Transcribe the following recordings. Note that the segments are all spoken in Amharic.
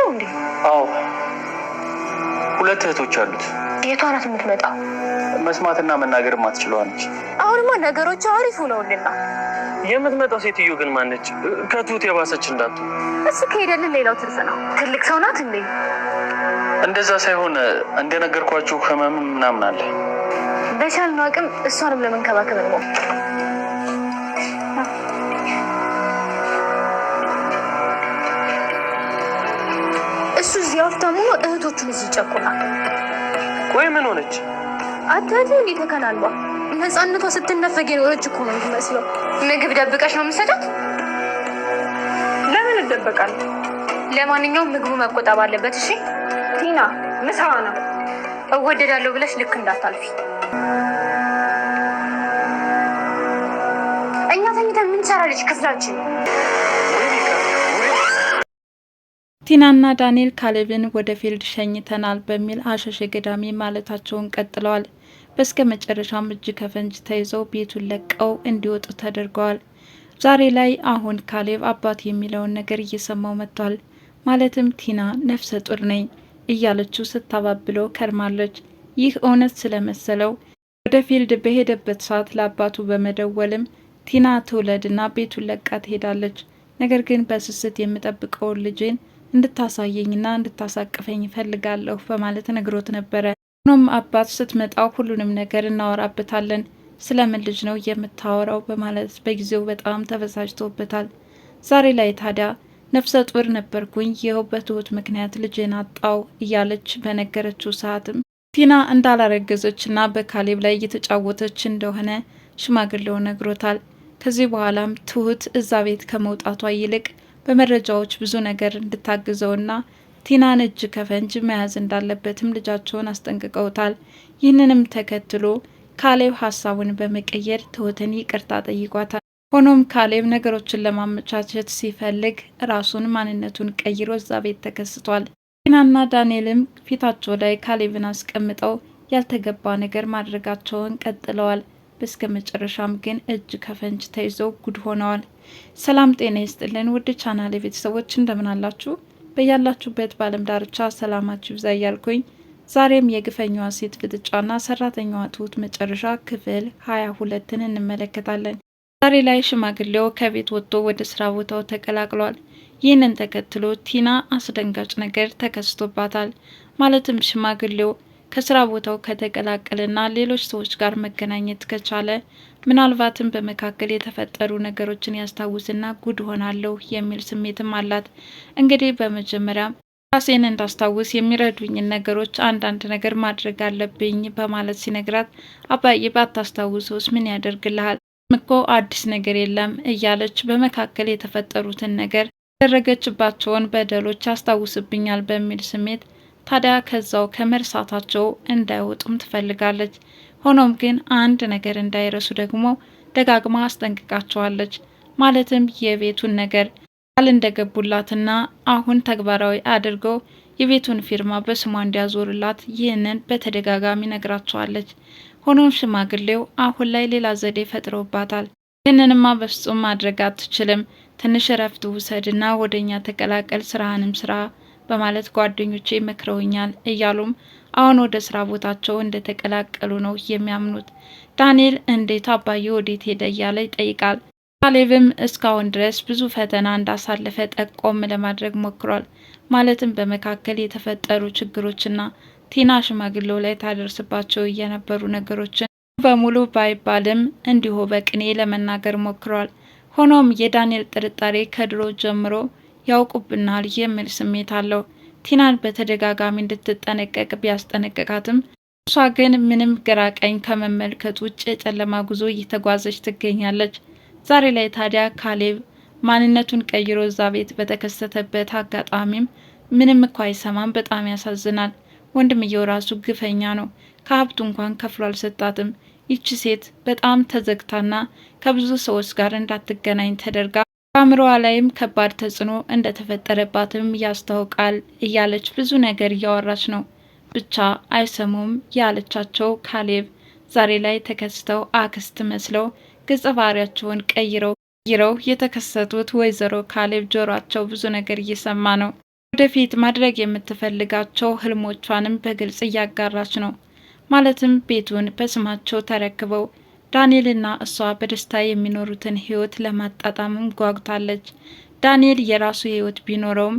ነው እንዴ? አዎ፣ ሁለት እህቶች አሉት። የቷ ናት የምትመጣው? መስማትና መናገር ማትችለዋ ነች። አሁንማ ነገሮች አሪፍ ሆነውልና የምትመጣው ሴትዮ ግን ማነች? ከትሁት የባሰች እንዳቱ። እሱ ከሄደልን ሌላው ትርፍ ነው። ትልቅ ሰው ናት እንዴ? እንደዛ ሳይሆን እንደነገርኳችሁ ህመም ምናምን አለ። በቻልነው አቅም እሷንም ለመንከባከብ ነው። የልጆቹ ልጅ ይጨቁናል። ቆይ ምን ሆነች? አታዲ እንዴ ተከናንባ ነፃነቷ ስትነፈግ የኖረች እኮ ነው የምትመስለው። ምግብ ደብቀሽ ነው የምትሰጣት? ለምን እደበቃለሁ? ለማንኛውም ምግቡ መቆጠብ አለበት። እሺ ቲና፣ ምሳዋ ነው። እወደዳለሁ ብለሽ ልክ እንዳታልፊ። እኛ ተኝተን ምን ልጅ ክፍላችን ቲናና ዳንኤል ካሌብን ወደ ፊልድ ሸኝተናል በሚል አሸሸ ገዳሚ ማለታቸውን ቀጥለዋል። በስከ መጨረሻም እጅ ከፈንጅ ተይዘው ቤቱን ለቀው እንዲወጡ ተደርገዋል። ዛሬ ላይ አሁን ካሌብ አባት የሚለውን ነገር እየሰማው መጥቷል። ማለትም ቲና ነፍሰ ጡር ነኝ እያለችው ስታባብለው ከርማለች። ይህ እውነት ስለመሰለው ወደ ፊልድ በሄደበት ሰዓት ለአባቱ በመደወልም ቲና ትውለድና ቤቱን ለቃ ትሄዳለች። ነገር ግን በስስት የምጠብቀውን ልጄን እንድታሳየኝና እንድታሳቅፈኝ ይፈልጋለሁ በማለት ነግሮት ነበረ። ሆኖም አባት ስትመጣው ሁሉንም ነገር እናወራበታለን፣ ስለምን ልጅ ነው የምታወራው በማለት በጊዜው በጣም ተበሳጭቶበታል። ዛሬ ላይ ታዲያ ነፍሰ ጡር ነበርኩኝ፣ ይኸው በትሁት ምክንያት ልጄን አጣው እያለች በነገረችው ሰዓትም ቲና እንዳላረገዘችና በካሌብ ላይ እየተጫወተች እንደሆነ ሽማግሌው ነግሮታል። ከዚህ በኋላም ትሁት እዛ ቤት ከመውጣቷ ይልቅ በመረጃዎች ብዙ ነገር እንድታግዘውና ቲናን እጅ ከፈንጅ መያዝ እንዳለበትም ልጃቸውን አስጠንቅቀውታል። ይህንንም ተከትሎ ካሌብ ሀሳቡን በመቀየር ትሁትን ይቅርታ ጠይቋታል። ሆኖም ካሌብ ነገሮችን ለማመቻቸት ሲፈልግ ራሱን ማንነቱን ቀይሮ እዛ ቤት ተከስቷል። ቲናና ዳንኤልም ፊታቸው ላይ ካሌብን አስቀምጠው ያልተገባ ነገር ማድረጋቸውን ቀጥለዋል። በስከ መጨረሻም ግን እጅ ከፈንጅ ተይዘው ጉድ ሆነዋል። ሰላም ጤና ይስጥልን ውድ ቻናል ቤተሰቦች እንደምን አላችሁ? በያላችሁበት በአለም ዳርቻ ሰላማችሁ ይብዛ እያልኩኝ ዛሬም የግፈኛዋ ሴት ፍጥጫና ሰራተኛዋ ትሁት መጨረሻ ክፍል ሀያ ሁለትን እንመለከታለን። ዛሬ ላይ ሽማግሌው ከቤት ወጥቶ ወደ ስራ ቦታው ተቀላቅሏል። ይህንን ተከትሎ ቲና አስደንጋጭ ነገር ተከስቶባታል። ማለትም ሽማግሌው ከስራ ቦታው ከተቀላቀለና ሌሎች ሰዎች ጋር መገናኘት ከቻለ ምናልባትም በመካከል የተፈጠሩ ነገሮችን ያስታውስና ጉድ ሆናለሁ የሚል ስሜትም አላት። እንግዲህ በመጀመሪያ ራሴን እንዳስታውስ የሚረዱኝን ነገሮች አንዳንድ ነገር ማድረግ አለብኝ በማለት ሲነግራት፣ አባዬ ባታስታውሰውስ ምን ያደርግልሃል? ምኮ አዲስ ነገር የለም እያለች በመካከል የተፈጠሩትን ነገር ያደረገችባቸውን በደሎች ያስታውስብኛል በሚል ስሜት ታዲያ ከዛው ከመርሳታቸው እንዳይወጡም ትፈልጋለች። ሆኖም ግን አንድ ነገር እንዳይረሱ ደግሞ ደጋግማ አስጠንቅቃቸዋለች። ማለትም የቤቱን ነገር ቃል እንደገቡላትና አሁን ተግባራዊ አድርገው የቤቱን ፊርማ በስሟ እንዲያዞርላት ይህንን በተደጋጋሚ ነግራቸዋለች። ሆኖም ሽማግሌው አሁን ላይ ሌላ ዘዴ ፈጥረውባታል። ይህንንማ በፍጹም ማድረግ አትችልም፣ ትንሽ እረፍት ውሰድና ወደኛ ተቀላቀል፣ ስራህንም ስራ በማለት ጓደኞቼ መክረውኛል እያሉም አሁን ወደ ስራ ቦታቸው እንደተቀላቀሉ ነው የሚያምኑት። ዳንኤል እንዴት አባዬ ወዴት ሄደ እያለ ይጠይቃል። ካሌብም እስካሁን ድረስ ብዙ ፈተና እንዳሳለፈ ጠቆም ለማድረግ ሞክሯል። ማለትም በመካከል የተፈጠሩ ችግሮችና ቲና ሽማግሌው ላይ ታደርስባቸው የነበሩ ነገሮችን በሙሉ ባይባልም እንዲሁ በቅኔ ለመናገር ሞክሯል። ሆኖም የዳንኤል ጥርጣሬ ከድሮ ጀምሮ ያውቁብናል የሚል ስሜት አለው። ቲናን በተደጋጋሚ እንድትጠነቀቅ ቢያስጠነቅቃትም እሷ ግን ምንም ግራ ቀኝ ከመመልከት ውጭ የጨለማ ጉዞ እየተጓዘች ትገኛለች። ዛሬ ላይ ታዲያ ካሌብ ማንነቱን ቀይሮ እዛ ቤት በተከሰተበት አጋጣሚም ምንም እኳ አይሰማም። በጣም ያሳዝናል። ወንድምየው ራሱ ግፈኛ ነው። ከሀብቱ እንኳን ከፍሎ አልሰጣትም። ይቺ ሴት በጣም ተዘግታና ከብዙ ሰዎች ጋር እንዳትገናኝ ተደርጋ በአእምሮዋ ላይም ከባድ ተጽዕኖ እንደተፈጠረባትም ያስታውቃል እያለች ብዙ ነገር እያወራች ነው። ብቻ አይሰሙም ያለቻቸው ካሌብ ዛሬ ላይ ተከስተው አክስት መስለው ገጸ ባህሪያቸውን ቀይረው ይረው የተከሰቱት ወይዘሮ ካሌብ ጆሯቸው ብዙ ነገር እየሰማ ነው። ወደፊት ማድረግ የምትፈልጋቸው ህልሞቿንም በግልጽ እያጋራች ነው። ማለትም ቤቱን በስማቸው ተረክበው ዳንኤልና እሷ በደስታ የሚኖሩትን ህይወት ለማጣጣምም ጓጉታለች። ዳንኤል የራሱ ህይወት ቢኖረውም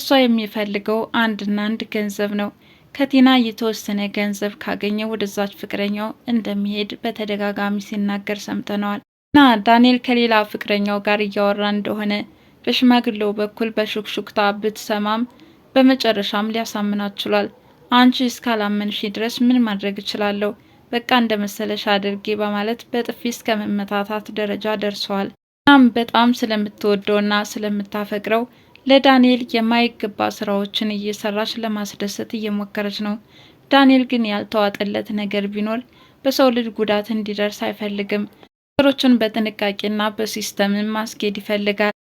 እሷ የሚፈልገው አንድና አንድ ገንዘብ ነው። ከቲና የተወሰነ ገንዘብ ካገኘ ወደዛች ፍቅረኛው እንደሚሄድ በተደጋጋሚ ሲናገር ሰምተነዋል እና ዳንኤል ከሌላ ፍቅረኛው ጋር እያወራ እንደሆነ በሽማግሌው በኩል በሹክሹክታ ብትሰማም በመጨረሻም ሊያሳምናችሏል። አንቺ እስካላመንሽ ድረስ ምን ማድረግ እችላለሁ በቃ እንደ መሰለሽ አድርጌ በማለት በጥፊ እስከ መመታታት ደረጃ ደርሰዋል። እናም በጣም ስለምትወደውና ስለምታፈቅረው ለዳንኤል የማይገባ ስራዎችን እየሰራች ለማስደሰት እየሞከረች ነው። ዳንኤል ግን ያልተዋጠለት ነገር ቢኖር በሰው ልጅ ጉዳት እንዲደርስ አይፈልግም። ነገሮችን በጥንቃቄና በሲስተምን ማስኬድ ይፈልጋል።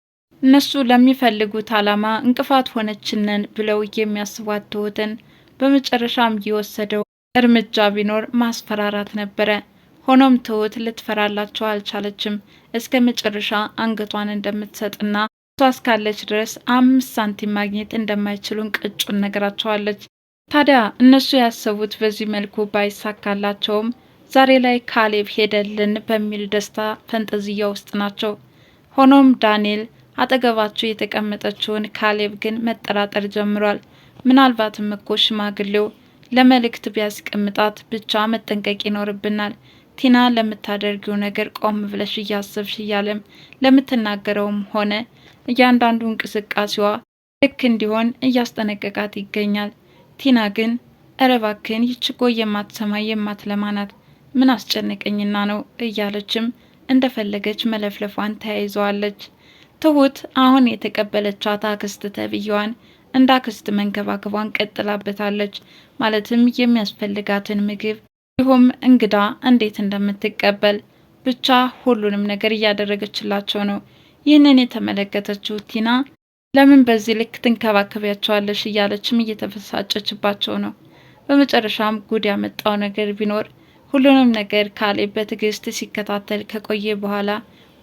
እነሱ ለሚፈልጉት ዓላማ እንቅፋት ሆነችነን ብለው የሚያስቧት ትሁትን በመጨረሻም የወሰደው እርምጃ ቢኖር ማስፈራራት ነበረ። ሆኖም ትሁት ልትፈራላቸው አልቻለችም። እስከ መጨረሻ አንገቷን እንደምትሰጥና እሷ እስካለች ድረስ አምስት ሳንቲም ማግኘት እንደማይችሉን ቅጩን ነግራቸዋለች። ታዲያ እነሱ ያሰቡት በዚህ መልኩ ባይሳካላቸውም ዛሬ ላይ ካሌብ ሄደልን በሚል ደስታ ፈንጠዝያ ውስጥ ናቸው። ሆኖም ዳንኤል አጠገባቸው የተቀመጠችውን ካሌብ ግን መጠራጠር ጀምሯል። ምናልባትም እኮ ሽማግሌው ለመልእክት ቢያስቀምጣት ብቻ መጠንቀቅ ይኖርብናል። ቲና ለምታደርጊው ነገር ቆም ብለሽ እያሰብሽ እያለም ለምትናገረውም ሆነ እያንዳንዱ እንቅስቃሴዋ ልክ እንዲሆን እያስጠነቀቃት ይገኛል። ቲና ግን እረባክን ይችጎ የማትሰማ የማትለማ ናት፣ ምን አስጨነቀኝና ነው እያለችም እንደፈለገች መለፍለፏን ተያይዘዋለች። ትሁት አሁን የተቀበለቻት አክስት ተብዬዋን እንዳክስት አክስት መንከባከቧን ቀጥላበታለች። ማለትም የሚያስፈልጋትን ምግብ እንዲሁም እንግዳ እንዴት እንደምትቀበል ብቻ ሁሉንም ነገር እያደረገችላቸው ነው። ይህንን የተመለከተችው ቲና ለምን በዚህ ልክ ትንከባከቢያቸዋለሽ እያለችም እየተበሳጨችባቸው ነው። በመጨረሻም ጉድ ያመጣው ነገር ቢኖር ሁሉንም ነገር ካሌብ በትዕግስት ሲከታተል ከቆየ በኋላ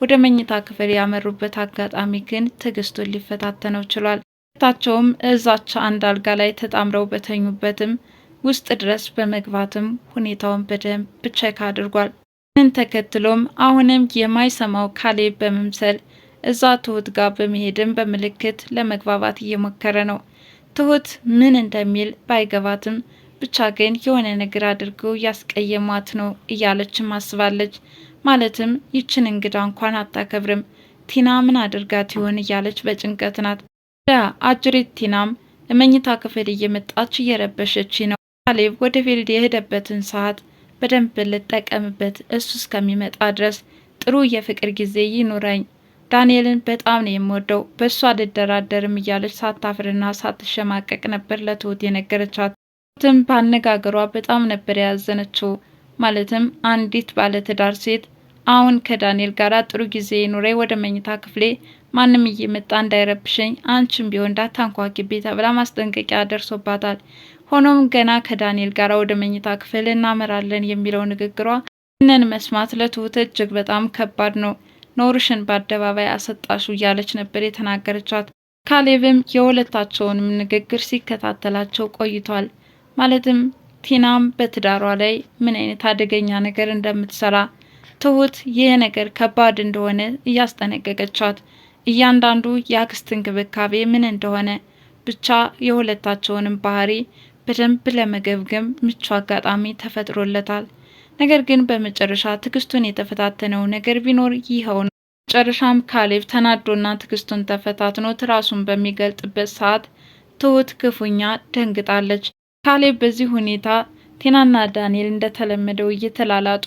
ወደ መኝታ ክፍል ያመሩበት አጋጣሚ ግን ትዕግስቱን ሊፈታተነው ችሏል። ሁለታቸውም እዛች አንድ አልጋ ላይ ተጣምረው በተኙበትም ውስጥ ድረስ በመግባትም ሁኔታውን በደንብ ብቻካ አድርጓል። ምን ተከትሎም አሁንም የማይሰማው ካሌብ በመምሰል እዛ ትሁት ጋር በመሄድም በምልክት ለመግባባት እየሞከረ ነው። ትሁት ምን እንደሚል ባይገባትም ብቻ ግን የሆነ ነገር አድርገው ያስቀየሟት ነው እያለችም አስባለች። ማለትም ይችን እንግዳ እንኳን አታከብርም፣ ቲና ምን አድርጋት ይሆን እያለች በጭንቀት ናት። አጅሬት ቲናም ክፍል እየመጣች እየረበሸች ነው። ካሌብ ወደ ፊልድ የሄደበትን ሰዓት በደንብ ልጠቀምበት፣ እሱ እስከሚመጣ ድረስ ጥሩ የፍቅር ጊዜ ይኑረኝ። ዳንኤልን በጣም ነው የምወደው፣ በእሱ አልደራደርም እያለች ሳታፍርና ሳትሸማቀቅ ነበር ለትሁት የነገረቻት። ትሁትም በአነጋገሯ በጣም ነበር የያዘነችው። ማለትም አንዲት ባለትዳር ሴት አሁን ከዳንኤል ጋር ጥሩ ጊዜ ይኑረኝ፣ ወደ መኝታ ክፍሌ ማንም እየመጣ እንዳይረብሸኝ አንቺም ቢሆን እንዳታንኳኪ ቤታ ብላ ማስጠንቀቂያ ደርሶባታል። ሆኖም ገና ከዳንኤል ጋር ወደ መኝታ ክፍል እናመራለን የሚለው ንግግሯ ይህንን መስማት ለትሁት እጅግ በጣም ከባድ ነው። ኖርሽን በአደባባይ አሰጣሹ እያለች ነበር የተናገረቻት። ካሌብም የሁለታቸውንም ንግግር ሲከታተላቸው ቆይቷል። ማለትም ቲናም በትዳሯ ላይ ምን አይነት አደገኛ ነገር እንደምትሰራ ትሁት ይህ ነገር ከባድ እንደሆነ እያስጠነቀቀቻት እያንዳንዱ የአክስት እንክብካቤ ምን እንደሆነ ብቻ የሁለታቸውንም ባህሪ በደንብ ለመገብገም ምቹ አጋጣሚ ተፈጥሮለታል። ነገር ግን በመጨረሻ ትግስቱን የተፈታተነው ነገር ቢኖር ይኸው ነው። መጨረሻም ካሌብ ተናዶና ትግስቱን ተፈታትኖት ራሱን በሚገልጥበት ሰዓት ትሁት ክፉኛ ደንግጣለች። ካሌብ በዚህ ሁኔታ ቴናና ዳንኤል እንደተለመደው እየተላላጡ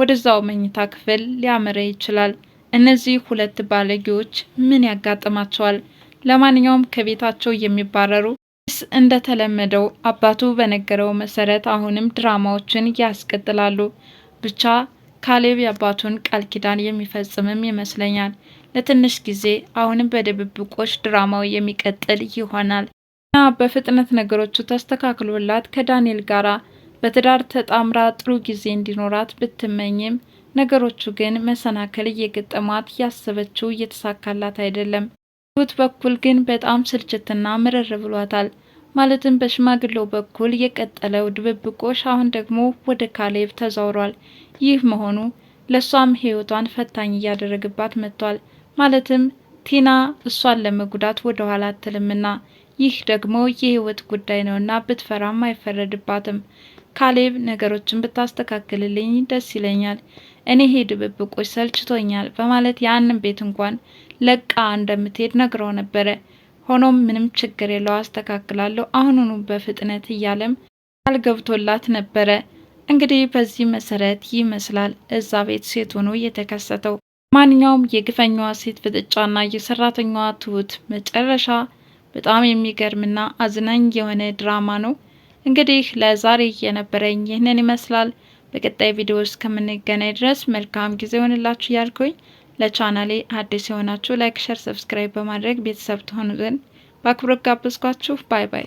ወደዛው መኝታ ክፍል ሊያመረ ይችላል። እነዚህ ሁለት ባለጌዎች ምን ያጋጥማቸዋል? ለማንኛውም ከቤታቸው የሚባረሩ ስ እንደተለመደው አባቱ በነገረው መሰረት አሁንም ድራማዎችን ያስቀጥላሉ። ብቻ ካሌብ የአባቱን ቃል ኪዳን የሚፈጽምም ይመስለኛል። ለትንሽ ጊዜ አሁንም በድብብቆች ድራማው የሚቀጥል ይሆናል እና በፍጥነት ነገሮቹ ተስተካክሎላት ከዳንኤል ጋራ በትዳር ተጣምራ ጥሩ ጊዜ እንዲኖራት ብትመኝም ነገሮቹ ግን መሰናከል እየገጠማት ያሰበችው እየተሳካላት አይደለም። ትሁት በኩል ግን በጣም ስልችትና ምርር ብሏታል። ማለትም በሽማግሌው በኩል የቀጠለው ድብብቆሽ አሁን ደግሞ ወደ ካሌብ ተዛውሯል። ይህ መሆኑ ለእሷም ሕይወቷን ፈታኝ እያደረግባት መጥቷል። ማለትም ቲና እሷን ለመጉዳት ወደ ኋላ አትልምና ይህ ደግሞ የህይወት ጉዳይ ነውና ብትፈራም አይፈረድባትም። ካሌብ ነገሮችን ብታስተካክልልኝ ደስ ይለኛል እኔ ሄድ ብብቆች ሰልችቶኛል በማለት ያንን ቤት እንኳን ለቃ እንደምትሄድ ነግረው ነበረ። ሆኖም ምንም ችግር የለው አስተካክላለሁ አሁኑኑ በፍጥነት እያለም ቃል ገብቶላት ነበረ። እንግዲህ በዚህ መሰረት ይመስላል እዛ ቤት ሴት ሆኖ የተከሰተው ማንኛውም የግፈኛዋ ሴት ፍጥጫና የሰራተኛዋ ትሁት መጨረሻ በጣም የሚገርምና አዝናኝ የሆነ ድራማ ነው። እንግዲህ ለዛሬ የነበረኝ ይህንን ይመስላል። በቀጣይ ቪዲዮ እስከምንገናኝ ድረስ መልካም ጊዜ ሆንላችሁ እያልኩኝ ለቻናሌ አዲስ የሆናችሁ ላይክ፣ ሸር፣ ሰብስክራይብ በማድረግ ቤተሰብ ትሆኑ ዘንድ በአክብሮት ጋብዝኳችሁ። ባይ ባይ።